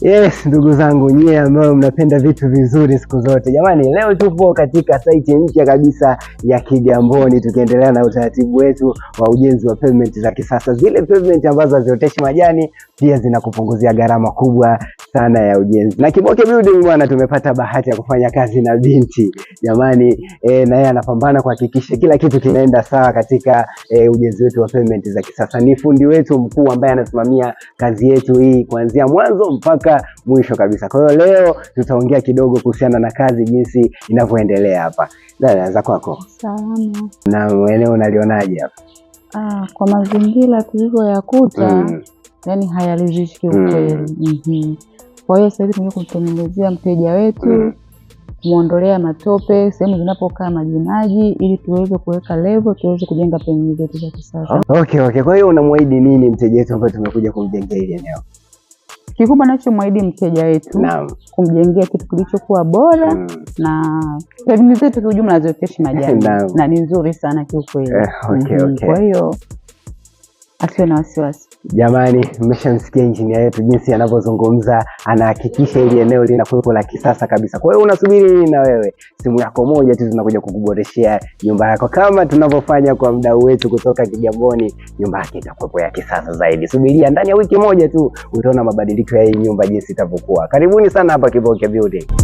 Yes, ndugu zangu nyie ambao mnapenda vitu vizuri siku zote, jamani, leo tupo katika saiti mpya kabisa ya Kigamboni, tukiendelea na utaratibu wetu wa ujenzi wa pavement za kisasa, zile pavement ambazo hazioteshi majani, pia zinakupunguzia gharama kubwa sana ya ujenzi. Na Kiboke Building bwana, tumepata bahati ya kufanya kazi na binti jamani, e, na yeye anapambana kuhakikisha kila kitu kinaenda sawa katika e, ujenzi wetu wa pavement za kisasa. Ni fundi wetu mkuu ambaye anasimamia kazi yetu hii kuanzia mwanzo mpaka mwisho kabisa. Kwa hiyo leo tutaongea kidogo kuhusiana na kazi jinsi inavyoendelea hapa. Dada, za kwako salama na eneo unalionaje hapa? Ah, kwa mazingira tulivyoyakuta mm yani hayaliziki kiukweli hmm. mm. mm-hmm. kwa hiyo sahizi tunaa kumtengenezea mteja wetu mm. kumwondolea matope sehemu zinapokaa majimaji ili tuweze kuweka levo tuweze kujenga pengine zetu za kisasa oh, okay, okay. kwa hiyo unamwahidi nini mteja wetu ambaye tumekuja kumjengea hili eneo kikubwa nachomwahidi mteja wetu kumjengea kitu kilichokuwa bora mm. na pengine zetu kiujumla zioteshi majani na ni nzuri sana kiukweli eh, okay, mm-hmm. okay. kwa hiyo Asiwe na wasiwasi. Jamani, mmeshamsikia injinia yetu jinsi anavyozungumza, anahakikisha ili eneo linakuwepo la kisasa kabisa. Kwa hiyo unasubiri nini? Na wewe simu yako moja tu zinakuja kukuboreshea nyumba yako, kama tunavyofanya kwa mdau wetu kutoka Kigamboni. Nyumba yake itakuwepo ya kisasa zaidi. Subiria, ndani ya wiki moja tu utaona mabadiliko ya hii nyumba jinsi itavyokuwa. Karibuni sana hapa Kiboke Building.